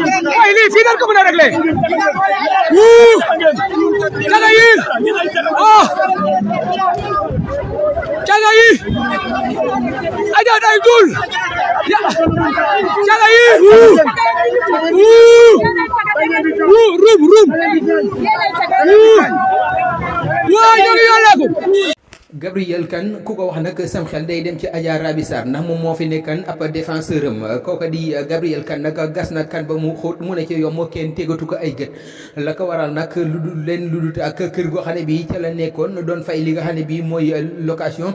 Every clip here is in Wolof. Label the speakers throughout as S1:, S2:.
S1: mooy lii fii dañ ko mën a réglé wuu caga yi oh ah! caga yi aja day dul caga yi wuu wuu wuu rub rub wuu waa ñoo ngi yàlla ko Gabriel kan ku ko wax nag sam xel day dem ci Adja Rabi Sarr ndax moom moo fi nekkan ab défenseur am kooka di Gabriel kan nag gas na kan ba mu xóot mu ne ci yomb kenn tegatu ko ay gët la ko waral nag lu dul leen lu dul ak kër goo xam ne bii ca la nekkoon doon fay li nga xam ne bii mooy location.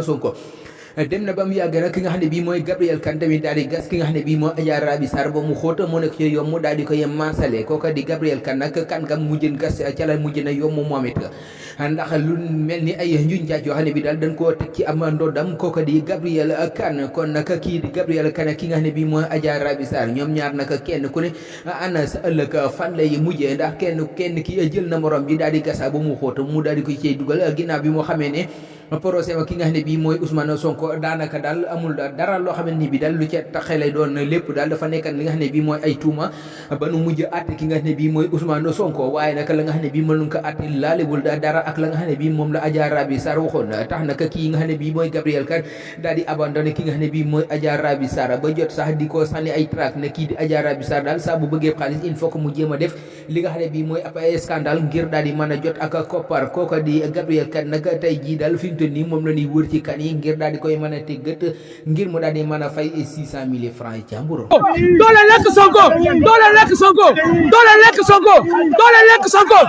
S1: Ousmane Sonko dem na ba mu yàgg nag ki nga xam ne bii mooy Gabriel Kane tamit daal di gas ki nga xam ba mu xóota moo nekk ci yomb daal di koy la mujj ni ay njuñ jaaj yoo xam ne bi daal dañ koo teg ci am ndoddam kooka di Gabriel Kane kon nag kii di Gabriel Kane ki nga xam ne bii mooy Adja Rabi ñoom ñaar nag kenn ku ne ana sa ëllëg fan lay mujjee ndax kenn kenn ki jël na morom ji daal di gasa ba mu xóota mu daal di ko ciy dugal ginnaaw bi moo xamee ne procès wa ki nga xam ne bii mooy Ousmane Sonko daanaka daal amul dara loo xamante ni bi daal lu ci taxe lay doon lépp daal dafa nekk ak li nga xam ne mooy ay ki nga xam ne bii mooy Ousmane Sonko waaye nag la nga xam ne bii mënuñ ko àtte laalewul ak la nga xam ne bii moom la Adja Rabi Sarr waxoon tax nag kii nga xam ne bii mooy Gabriel Kane daal di abandonné ki nga ne bii mooy Adja Rabi Sarr ba jot sax di ko sànni ay trac ne kii di Adja Rabi Sarr daal saa bu bëggee xaalis il faut que mu a def li nga xam ne bii mooy ab scandale ngir daal di mën a jot ak koppar kooka di Gabriel Kane nag tey jii daal fi mu nii moom la ñuy wër ci kan yi ngir daal koy mën a tëggat ngir mu daal di mën a fay six cent mille francs yi jàmbur. doole doole lekk Sonko doole lekk Sonko doole lekk Sonko.